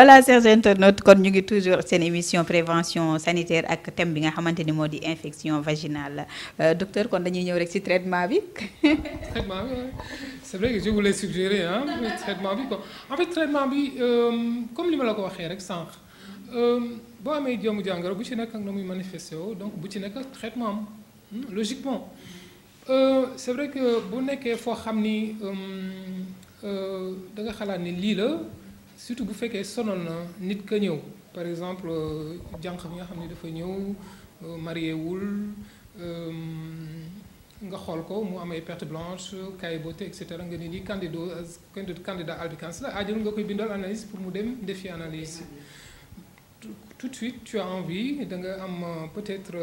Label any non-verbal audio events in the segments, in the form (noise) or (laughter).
voilà chers internautes kon ñu ngi toujours seen émission prévention sanitaire ak thème bi nga xamante ni moo di infection vaginale euh, docteur kon dañuy ñëw rek ci traitement bi. (laughs) traitement bi c'est vrai que je voulais suggérer ah bi quoi euh, comme li ma la ko waxee rek sànq euh, boo amee joomu jàngoro bu ci nekk ak na muy manifesté donc bu ci nekk ak traitement am hmm, logiquement c'est vrai que bu nekkee foo xam ni danga xalaat ni lii la. surtout bu fekkee sonal na nit ka ñëw par exemple euh, jànq bi nga xam ne dafa ñëw euh, marié wul euh, nga xool ko mu am ay perte blanche caille beauté et cetera nga ne lii candidat candidat albicans la ajal ah, nga koy bindal analyse pour mu dem defi analyse tout de suite tu as envie da nga am peut-être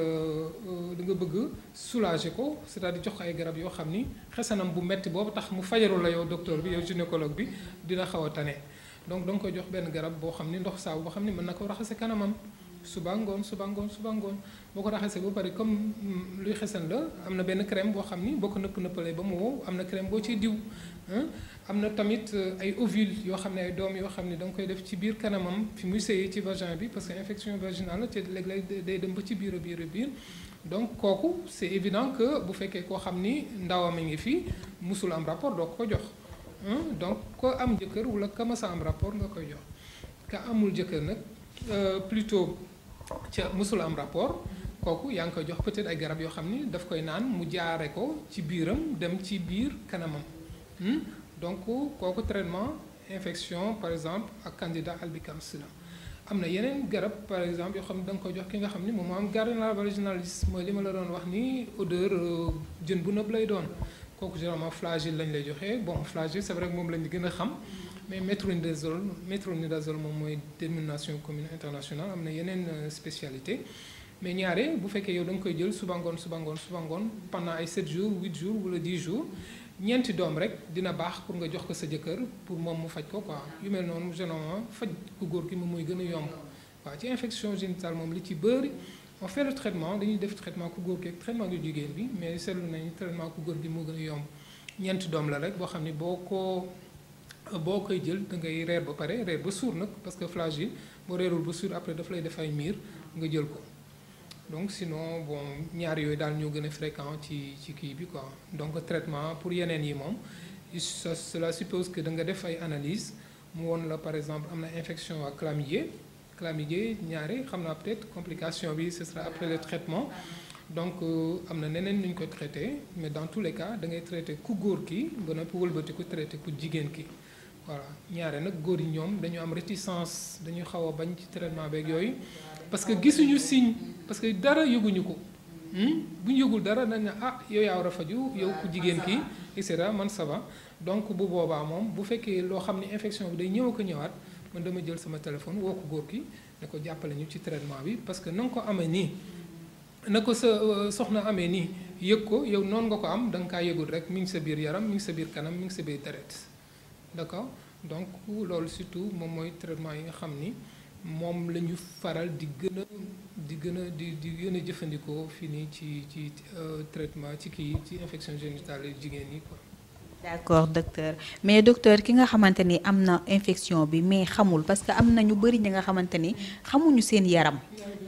da nga bëgg soulager ko cest à di jox ko ay garab yoo xam ni xesanam bu metti boobu tax mu fajarula la yow docteur bi yow gynécologue bi dina xaw a tane donc da koy jox benn garab boo xam ni ndox saabu boo xam ni mën na koo raxase kanamam suba ngoon suba ngoon suba ngoon boo ko raxasee ba pare comme luy xesan la am na benn crème boo xam ni boo ko nëpp nëppalee ba mu wow am na crème boo ciy diw am na tamit euh, ay ovules yoo xam ne ay doom yoo xam ne da nga koy def ci biir kanamam fi muy sëyee ci vagin bi parce que infection vaginale la ci léeg-léeg day dem ba ci biir a biir a biir donc kooku c'est évident que bu fekkee koo xam ni ndawam a ngi fi musul am rapport doo ko jox Hmm, donc ko am jëkkër wala ka masa am rapport nga koy jox ka amul jëkkër nag euh, plutôt ca mësul am rapport kooku yaa ngi koy jox peut-être ay garab yoo xam ni daf koy naan mu jaare ko ci biiram dem ci biir kanamam hmm, donc kooku traitement infection par exemple ak candida albicans la am na yeneen garab par exemple yoo xam ne da nga koy jox ki nga xam ni moom moo am Gardnerella vaginalis mooy li ma la doon wax ni odeur euh, jën bu nëb lay doon kooku généralement flagelle lañ lay joxe bon flagelle c'est vrai moom lañ gën a xam mais métronidazole métronidazole moom mooy dénomination commune internationale am na yeneen euh, spécialité mais ñaare bu fekkee yow da nga koy jël subangoon ngoon suba ngoon suba ngoon ay 7 jours 8 jour wala 10 jours ñeenti doom rek dina baax pour nga jox ko sa jëkkër pour moom mu faj ko quoi yu mel noonu généralement faj ku góor ki moom mooy gën a yomb waaw ci infection génitale moom li ci bëri. on fait traitement dañuy def traitement ku góor gi ak traitement jigéen bi mais seetlu nañu traitement ku góor gi moo gën a yomb ñeent doom la rek boo xam ne boo ko boo koy jël da ngay reer ba pare reer ba suur nag parce que flagile boo reerul ba suur après daf lay def ay miir nga jël ko donc sinon bon ñaar yooyu daal ñoo gën a fréquent ci ci kii bi quoi donc traitement pour yeneen yi moom ça cela suppose que da nga def ay analyse mu woon la par exemple am na infection ak chlamydier ñaari xam na peut-être complication bi ce sera après le traitement donc euh, am na neneen nu ñu ko traité mais dans tous les cas da ngay traité ku góor ki ba noppi ku traité ku jigéen ki voilà ñaare nag góor yi ñoom dañu am réticence dañuy xaw a bañ ci traitement beeg yooyu parce que gisuñu signe parce que dara yëguñu ko hmm? bu ñu yëgul dara nañ ne ah yow yaa war a faju yow ku jigéen ki et cetera man saba donc bu boobaa moom bu fekkee loo xam ne infection bi day ñëw ko ñëwaat. man dama jël sama téléphone woo ko góor ki ne ko jàppale ñu ci traitement bi parce que na nga ko amee nii na ko sa euh, soxna amee nii yëg ko yow noonu nga ko am da nga kaa yëgul rek mi ngi sa biir yaram mi ngi sa biir kanam mu ngi sa biir deret d'accord donc loolu surtout moom mooy traitement yi nga xam ni moom la ñu faral di gën a di gën a di di gën a jëfandikoo fii nii ci ci euh, traitement ci kii ci infection génitale jigéen yi quoi d'accord docteur mais docteur ki nga xamante ni am na infection bi mais xamul parce que am na ñu bëri ñi nga xamante ni xamuñu seen yaram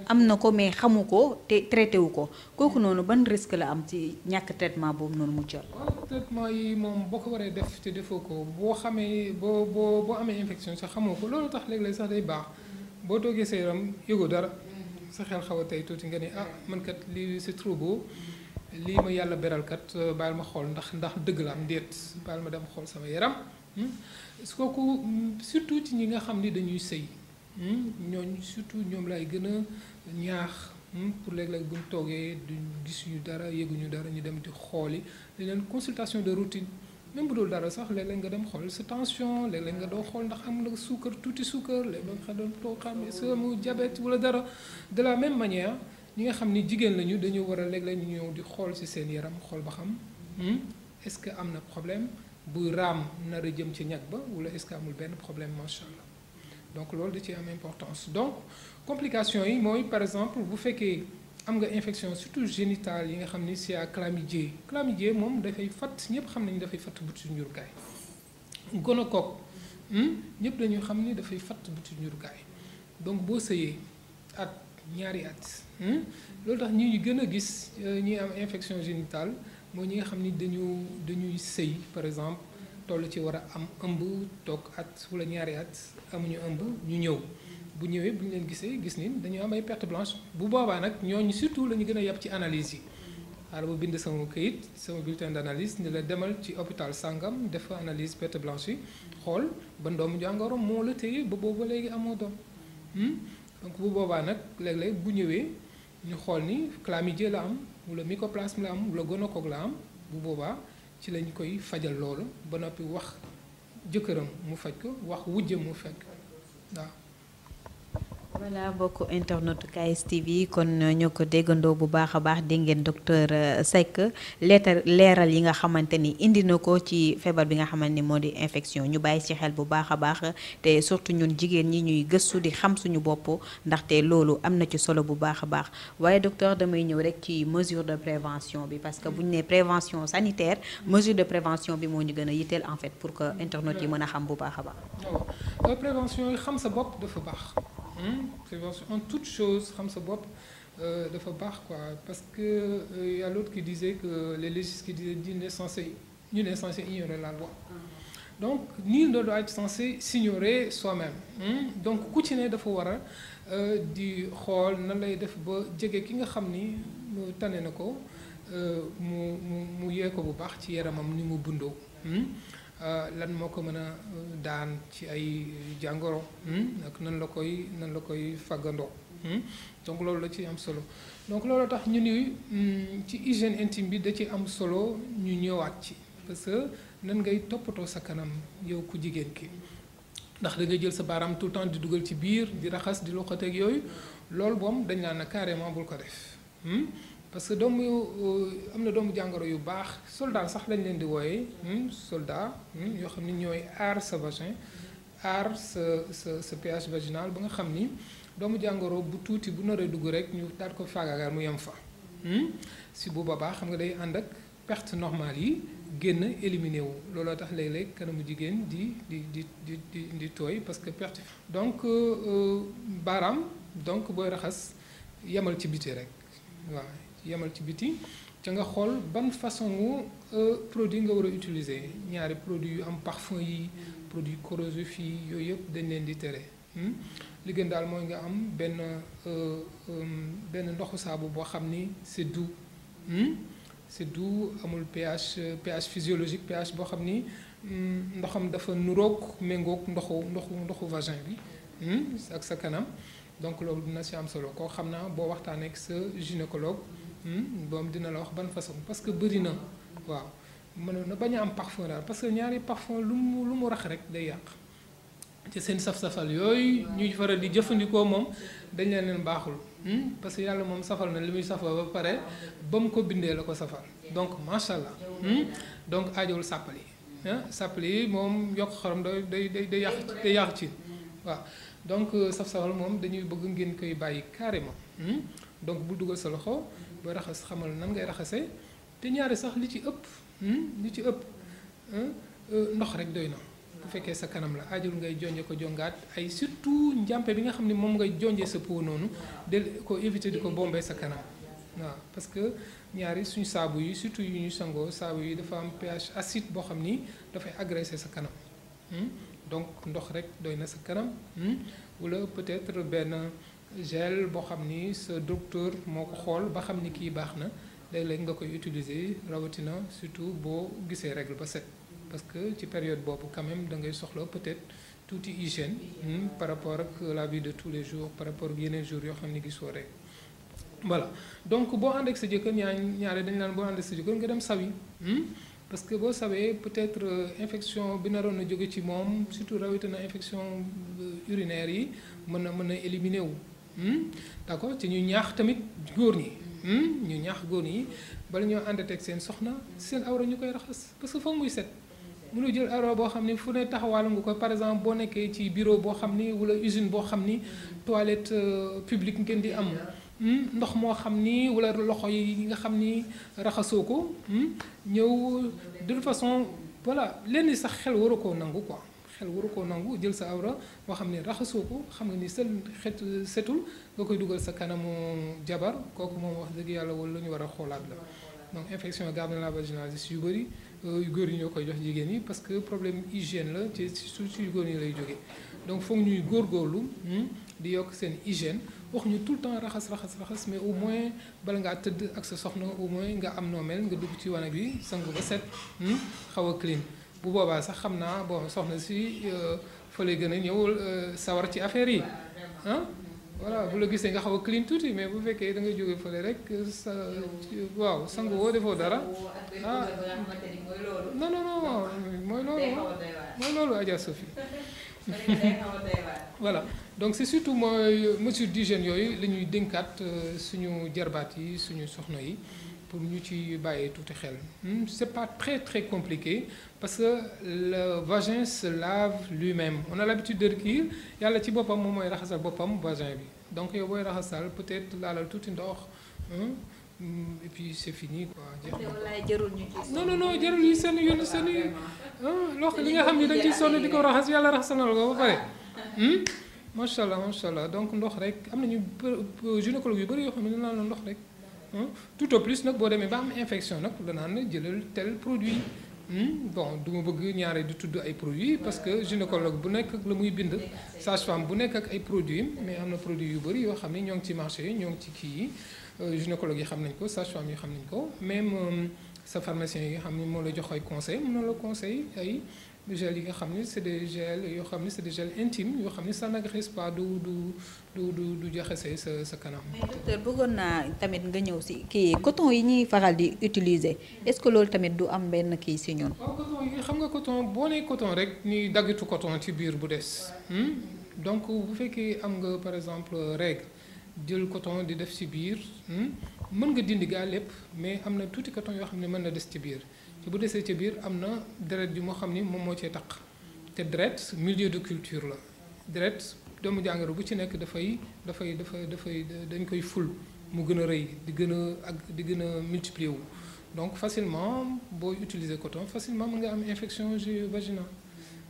am na ko mais xamu ko te traité wu ko kooku noonu ban risque la am ci ñàkk traitement boobu noonu mu jot. waaw ah, traitement yi moom boo ko waree def te defoo ko boo xamee boo boo boo amee infection sax xamoo ko loolu tax léegi léeg sax day baax boo toogee sa yaram yëgoo dara sa xel xaw a tey tuuti nga ne ah man kat lii c'est trop lii ma yàlla beralkat kat euh, ma xool ndax ndax dëgg la am déet baal ma dem xool sama yaram su hmm? kooku hmm, surtout ci ñi nga xam ni dañuy sëy hmm? ñooñ surtout ñoom lay gën a ñaax pour léeg-léeg buñ toogee du gisuñu dara yëguñu dara ñu dem di xooli li leen consultation de routine même bu dul dara sax léeg-léeg nga dem xool sa tension léeg-léeg nga doo xool ndax am na suukar tuuti suukar léeg-léeg nga doon too xam ne sa mu jabet wala dara de la même manière ñi nga xam ni jigéen lañu dañu war a léeg-léeg ñu ñëw di xool ci seen yaram xool ba xam hmm, est-ce que am na problème bu raam nar a jëm ci ñag ba walla est-ce que amul benn problème macha allah donc lool da ci am importance donc complications yi mooy par exemple bu fekkee am nga infection surtout génitale yi nga xam ni c'est à chlamydier chlamydier moom dafay fat ñëpp xam nañu dafay fatt butu njurukaay gonocoque hmm, ñëpp dañuy xam ni dafay fatt butu njurukaay donc boo sëyee ñaari at hmm? loolu tax ñi ñu gën a gis euh, ñi am infection génitale mooy ñi nga xam ni dañu dañuy sëy par exemple toll ci war a am ëmb toog at wala ñaari at amuñu ëmb ñu ñëw bu ñëwee bu ñu leen gisee gis ni dañu am ay perte blanche bu boobaa nag ñooñu surtout la ñu gën a yàpp ci analyse yi xaaral bu bind sama këyit sama bulletin d'analyse ni la demal ci hôpital sàngam def analyse perte blanche yi xool ba doomu jàngoro moo la téye ba boobu léegi amoo doom hmm? donc bu boobaa nag léeg-léeg bu ñëwee ñu xool ni chlamydia la am wala mycoplasme la am la wala gonocoque la am bu boobaa ci lañ koy fajal loolu ba noppi wax jëkkëram mu faj ko wax wujje mu faj ko waaw voilà mbokk internet KS TV kon euh, ñoo ko déggandoo bu baax a baax dégg ngeen docteur euh, Seck leeral yi nga xamante ni indi na ko ci feebar bi nga xamante ni moo di infection ñu bàyyi ci xel bu baax a baax te surtout ñun jigéen ñi ñuy gëstu di xam suñu bopp ndaxte loolu am na ci solo bu baax a baax waaye docteur damay ñëw rek ci mesure de prévention bi parce que bu ñu nee prévention sanitaire mesure de prévention bi moo ñu gën a yitteel en fait pour que internet yi mën a xam bu baax baax. prévention en toute chose xam sa bopp euh, dafa baax quoi parce que il euh, y a l'autre que les légistes qui disaient nul n'est censé nul n'est censé ignorer la loi donc nul ne doit être censé s'ignorer soi-même donc ku ci ne dafa war a euh, di xool nan lay def ba jege ki nga xam ni tane na ko mu mu mu yee ko bu baax ci yaramam ni mu bundoo Euh, lan moo ko mën a euh, daan ci ay jàngoro hmm? ak nan la koy nan la koy faggandoo hmm? donc loolu la ci am solo donc loolu tax ñu ni hmm, ci hygiène intime bi da ci am solo ñu ñëwaat ci parce nan ngay toppatoo sa kanam yow ku jigéen ki ndax da ngay jël sa baaraam tout le temps di dugal ci biir di raxas di loxateeg yooyu loolu boom dañ naan na carrément bul ko def parce que doomu euh, am na doomu jàngoro yu baax soldat sax lañ leen di wooye hmm, soldat hmm, yoo xam ni ñooy aar sa vagin aar sa sa sa pH vaginal ba nga xam ni doomu jàngoro bu tuuti bu noree dugg rek ñu daal ko faagaagaar mu yem fa hmm. si bu boobaa xam nga day ànd ak perte normale yi génn éliminé wu looloo tax léeg-léeg kanamu jigéen di di di di di tooy parce que perte donc euh, euh, baaraam donc booy raxas yemal ci biti rek yemal ci biti te nga xool ban façon euh, produit nga war a utiliser ñaari produit yu am parfum yi produit corrosif yi yooyu yëpp dañ leen di tere hmm? li gën daal mooy nga am benn euh, euh, benn ndoxu saabu boo xam ni c'est doux hmm? c'est doux amul pH pH physiologique pH boo xam ni hmm, ndoxam dafa nurook méngook ndoxu ndoxu ndoxu vagin bi ak sa kanam donc loolu dina si am solo koo xam naa boo waxtaanee ak sa gynécologue boobu hmm, dina la wax ban façon parce que bëri na waaw mënoon na bañ am parfum daal parce que ñaari parfum lu mu lu mu rax rek day yàq ci seen saf-safal yooyu ñuy faral di jëfandikoo moom dañ leen leen baaxul hmm, parce que yàlla moom safal na li muy safal pare ba mu ko bindee la ko safal donc macha allah hmm, donc aajowul sàppali ah, sàppali moom yokk xorom day day day day yàq ci waaw donc euh, saf-safal moom dañuy bëgg ngeen koy bàyyi carrément donc bul dugal sa loxo. ba raxas xamal nan ngay raxase te ñaari sax li ci ëpp hmm, li ci ëpp hmm, euh, ndox rek doy na bu fekkee sa kanam la ajul ngay jonje ko jongaat ay surtout njàmpe bi nga xam ne moom ngay jonje sa peau noonu del ko éviter di ko sa kanam waaw parce que ñaari suñu saabu yi surtout yu ñu sangoo saabu yi dafa am pH acide boo xam ni dafay agressé sa kanam hmm. donc rek doy na sa kanam benn gel boo xam ni sa docteur moo ko xool ba xam ni kii baax na léeg-léeg nga koy utiliser rawatina surtout boo gisee règle ba set parce que ci période boobu quand même da ngay soxla peut-être touti hygiène hmm, par rapport ak la vie de tous les jours par rapport ak yeneen jours yoo xam ni gisoo rek voilà donc boo ànd ak sa jëkkër ñaa ñaare dañ naan boo ànd ak sa jëkkër nga dem sawi hmm? parce que boo sawee peut-être euh, infection bi naroon na jóge ci moom surtout rawatina infection euh, urinaire yi mën na mën a éliminer wu Hmm? d' accord ci ñu ñaax tamit góor ñi. Hmm? ñu ñaax góor ñi bala ñoo àndateeg seen soxna seen awra ñu koy raxas parce que foog muy set. mënoo jël awra boo xam ni fu ne taxawaalu nga ko par exemple boo nekkee ci bureau boo xam ni wala usine boo xam ni toilette euh, publique ngeen di am. Hmm? ndox moo xam ni wala loxo yi nga xam ni raxasoo ko ñëw de façon voilà lenn sax xel waru koo nangu ko xel waru koo nangu jël sa awra boo xam ne raxasoo ko xam nga ni set xet setul nga koy dugal sa kanamu jabar kooku moom wax dëgg yàlla wala lu ñu war a xoolaat la donc infection garde la vaginalis yu bëri euh, yu góor yi ñoo koy jox jigéen ñi parce que problème hygiène la ci su ci góor ñi lay jógee donc foog ñuy góorgóorlu hmm, di yokk seen hygiène wax ñu tout le temps raxas raxas raxas mais au moins bala ngaa tëdd ak sa soxna au moins nga am noo mel nga dugg ci wanag bi sangu ba hmm, xaw a clean bu boobaa sax xam naa bon soxna si euh, fa lay gën a ñëwul euh, sawar ci affaire yi ah voilà bu la gisee nga xaw a clean tuuti mais bu fekkee da nga jóge fële rek euh, sa waaw sangu woo defoo dara ah non non non mooy loolu mooy loolu Adja Sophie (laughs) voilà donc si surtout mooy mesure d'hygiène yooyu la ñuy dénkaat suñu jarbaat yi suñu soxna yi pour ñu ci bàyyi tuuti xel hmm, c'est pas très très compliqué parce que le vagin se lave lui-même on a l'habitude de dire yàlla ci boppam moom mooy raxasal boppam vagin bi donc yow booy raxasal peut-être laalal tuuti ndox hmm, hmm, et puis c'est fini quoi. jarul ñu ci non non non jarul yi seen ah, li nga xam ne dañ ciy sonn di ko raxas yàlla raxasanal ko ba pare. (laughs) macha allah macha donc ndox rek am nañu gynécologue yu bëri yoo xam ne dañu naan ndox rek. tout au plus nag boo demee ba am infection nag danaan jëlal tel produit hmm? bon du ma bëgg ñaare di tudd ay produits parce que gynécologue bu nekk ak la muy bind sage-femme bu nekk ak ay produit mais am na produit yu bëri yoo xam ne ñoo ngi ci marché yi ñoo ngi ci kii yi euh, gynécologue yi xam nañ ko sage-femme yi xam nañ ko même euh, sa pharmacien yi nga xam ni moo la jox ay conseil mën na la conseil ay gel yi nga xam ne c'est des gel yoo xam ne c'est des gel intime yoo xam ne ça n'agresse pas du du du du du jaxase sa sa kanam. mais docteur bëggoon naa tamit nga ñëw si kii coton yi ñuy faral di utiliser est-ce que loolu tamit du am benn kii si ñun. waaw xam nga coton boo nee coton rek ñuy daggatu coton ci biir bu des. Hmm? donc bu fekkee am nga par exemple règle jël coton di def ci biir. Hmm? mën nga dindi gaa lépp mais am na tuuti coton yoo xam ne mën na des ci biir te bu desee ci biir am na deret yu moo xam ni moom moo cee taq te deret milieu de culture la deret doomu jàngoro bu ci nekk dafay dafay dafay dafay dañ koy ful mu gën a rëy di gën a ak di gën a multiplier wu donc facilement boo utiliser coton facilement mën nga am infection vaginale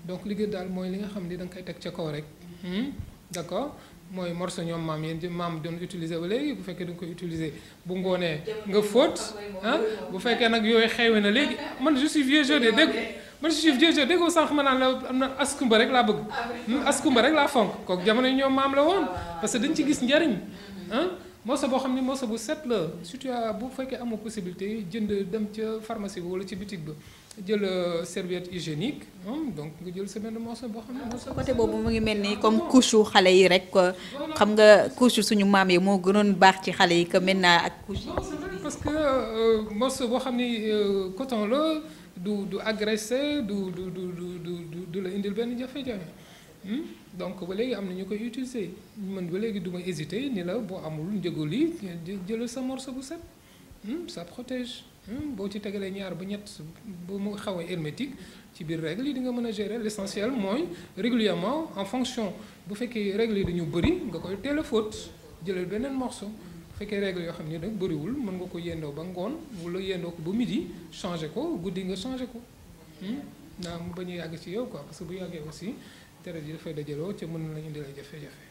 donc liggéey daal mooy li nga xam ni da koy teg ca kaw rek hmm? d'accord mooy morso ñoom maam yéen maam doon utiliser ba léegi bu fekkee da nga koy utiliser bu ngoonee nga fóot ah bu fekkee nag yooyu xewe na léegi man je suis vieux jeu de dégg man je suis vieux jeu dégg sànq ma naan la am na askumba rek laa bëgg ah hmm, askumba rek laa fonk kooku jamono ñoom maam la woon parce que dañ ci gis njariñ ah morceau boo xam ne morceau bu set la surtout bu fekkee amoo possibilité jënd dem ca pharmacie ba wala ci boutique ba jël euh, serviette hygiénique donc nga jël sa benn morceau boo xam ne morceau côté boobu mu ngi mel ni comme couche yu xale yi rek euh, xam nga couche suñu maam yi moo gënoon baax ci xale yi que maintenant ak couche parce que euh, morceau boo xam ne coton la du du agressé du du du du du du la indil benn jafe-jafe Hmm? donc ba léegi am na ñu koy utiliser man ba léegi du ma hésiter ni la boo amul njëgu lii jëlal sa morceau bu set sa hmm? protège hmm? boo ci tegalee ñaar ba ñett ba mu xaw a hermétique ci biir règle yi di nga mën a gérer l' essentiel mooy régulièrement en fonction bu fekkee règle yi dañu bëri nga koy teel a jëlal beneen morceau bu fekkee règle yoo xam ne nag bëriwul mën nga ko yendoo ba ngoon wala yendoo ko ba midi changé ko guddi nga changé ko naa mu bañ a yàgg ci yow quoi parce que bu yàggee aussi deret yi dafay dajaloo ca mën nañu indil ay jafe-jafe.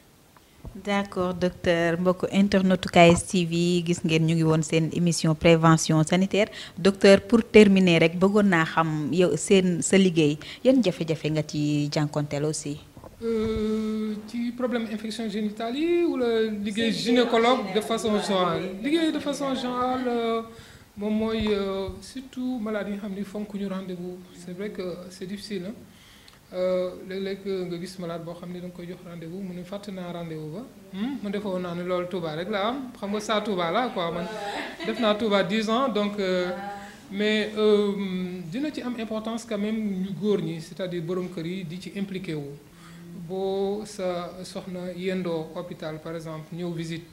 d'accord docteur mbokk internetu KS TV gis ngeen ñu ngi woon seen émission prévention sanitaire docteur pour terminer rek bëggoon naa xam yow seen sa liggéey yan jafe-jafe nga ci jànkonteel aussi. Euh, ci problème infection génitale yi wala liggéey gynécologue de façon générale liggéey de façon générale euh, moom mooy euh, surtout maladie yi xam ni fonk ñu rendez bu c'est vrai que c'est difficile Euh, léeg-léeg nga gis malade boo xam ne da nga koy jox rendez-vous mu ne fàtte naa rendez-vous ba mu hmm? defoo naa ne loolu Touba rek laa am xam nga saa Touba la quoi man def naa Touba 10 ans donc euh, mais euh, dina ci am importance quand même ñu góor ñi c'est-à-dire borom kër yi di ci impliqué wu boo sa soxna yendoo hôpital par exemple ñëw visite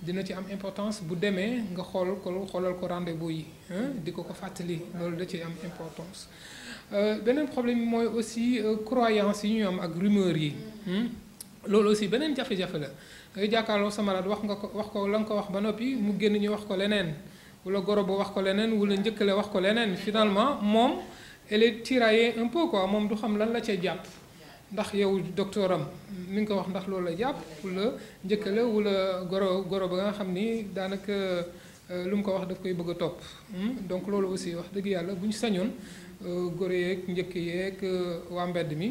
dina ci am importance bu demee nga xool ko xoolal ko rendez-vous yi di ko ko fàttali loolu da ci am importance euh, beneen problème mooy aussi euh, croyance yi ñu am ak rumeur yi loolu aussi beneen jafe-jafe la ngay jàkkaarloo sama laat wax nga ko wax ko la nga ko wax ba noppi mu génn ñu wax ko leneen wala goro ba wax ko leneen wala njëkkale wax ko leneen finalement moom elle est tiraillée un peu quoi moom du xam lan la ca jàpp ndax yow docteur am mi nga ko wax ndax loolu la jàpp wala njëkkale wala goro goro ba nga xam ni daanaka euh, lu mu ko wax daf koy bëgg a topp hmm? donc loolu aussi wax dëgg yàlla bu ñu sañoon euh, goro yeeg njëkk yeeg euh, waa mbedd mi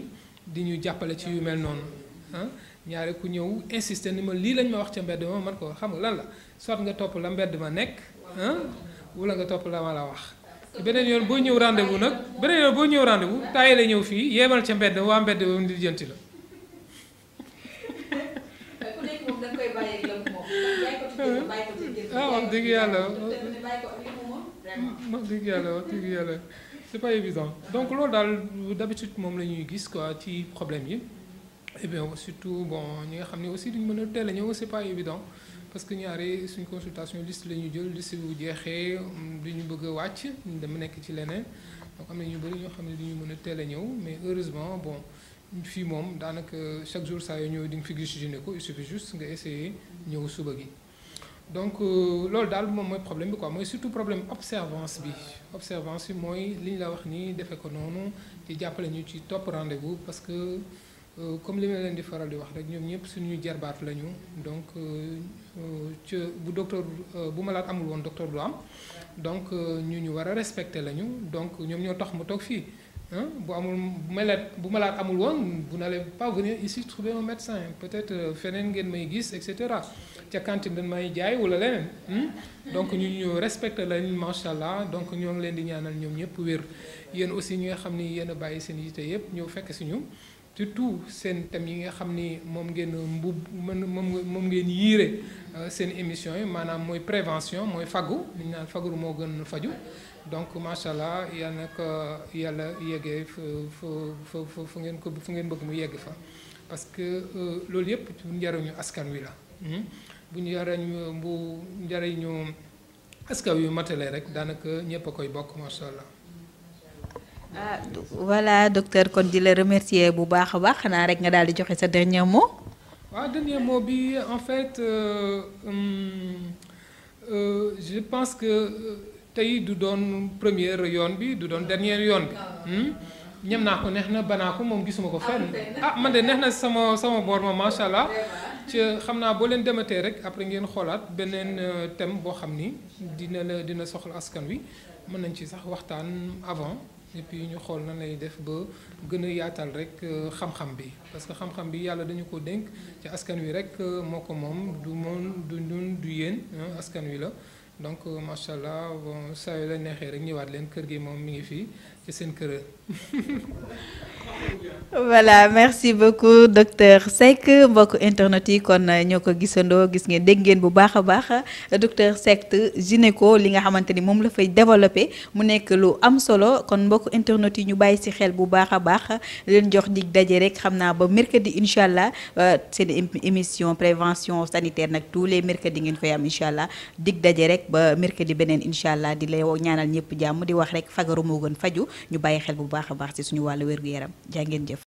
di ñu jàppale ci yu mel noonu ah ñaare ku ñëw insister ni ma lii lañ ma wax ca mbedd ma man ko xam nga lan la soit nga topp la mbedd ma nekk ah wala nga topp la ma la wax beneen yoon boo ñëw rendez-vous nag beneen yoon boo ñëw rendez-vous taay la ñëw fii yeemal ca mbedd waa mbedd ba mu di jënti la. ah yàlla wax yàlla wax yàlla c'est pas évident donc loolu daal d'habitude moom la ñuy gis quoi ci problème yi et eh surtout bon ñi nga xam ni aussi duñ mën a teel ñëw c'est pas évident. parce que ñaare suñ consultation liste la ñu jël liste bu jeexee mm, du ñu bëgg a wàcc dama nekk ci leneen donc am na ñu bëri ñoo xam ne du ñu mën a teel a ñëw mais heureusement bon fii moom daanaka chaque jour saa yoo ñëw di nga fi gis gynéco il suffit juste nga essayer ñëw suba gi. donc euh, loolu daal moom mooy problème bi ko mooy surtout problème observance bi observance bi mooy li ñu la wax nii defee ko noonu di jàppale ñu ci topp rendez parce que. Euh, comme li ma leen di faral di wax rek ñoom ñëpp suñu jarbaat lañu donc euh, euh, ci bu docteur bu ma malade amul woon doctor du am donc ñu ñu war a respecté lañu donc ñoom ñoo tax mu toog fii bu amul bu malade bu malade amul woon vous n'allez pas venir ici trouver un médecin peut-être feneen ngeen may gis et cetera ca cantine dañ may jaay wala leneen donc ñu ñu respecté lañ macha allah donc ñoo ngi leen di ñaanal ñoom ñëpp wér yéen aussi ñi nga xam ni yéen a bàyyi seen yite yëpp ñëw fekk si surtout seen thèmes yi nga xam ni moom ngeen mbub mën moom moom ngeen yiire euh, seen émission yi maanaam mooy prévention mooy faggu li ñu naan fagaru moo gën faju donc macha allah yal na yàlla yeggee fu fu ngeen ko fu ngeen bëgg mu yegg fa parce que euh, loolu yëpp njariñu askan wi la hmm? bu njariñ bu njariñu askan wi matale rek daanaka ñëpp a koy bokk macha allah. ah voilà docteur kon di la remercier bu baax a baax xanaa rek nga daal di joxe sa dernier mot. waaw dernier mot bi en fait euh, euh, euh je pense que euh, tey du doon première yoon bi du doon dernière yoon bi. Hmm? ñam naa ko neex na banaa ko moom gisuma ko fenn. ah man de neex na sama sama boor ma macha allah. ci xam naa boo leen dematee rek après ngeen xoolaat beneen thème boo xam ni dina la dina soxla askan wi mën nañ ci sax waxtaan avant. et ñu xool na lay def ba gën a yaatal rek euh, xam-xam bi parce que xam-xam bi yàlla dañu ko dénk ci askan wi rek euh, moo ko moom du moom du ñun du yéen askan wi la donc euh, macha allah bon saa yu neexee rek ñëwaat leen kër gi moom mi ngi fii. seen kër. voilà merci beaucoup docteur Seck mbokk internet yi kon euh, ñoo ko gisandoo gis ngeen dégg ngeen bu baax a baax euh, docteur Seck gynéco li nga xamante ni moom la fay développé mu nekk lu am solo kon mbokk internet yi ñu bàyyi ci xel bu baax a baax leen jox dig daje rek xam naa ba mercredi incha allah euh, seen émission prévention sanitaire nag tous les mercredis ngeen koy am incha allah dig daje rek ba mercredi beneen incha allah di lay ñaanal ñëpp jàmm di wax rek fagaru moo faju ñu bàyyi xel bu baax a baax ci suñu wàllu wér-gu-yaram jaa ngeen jëf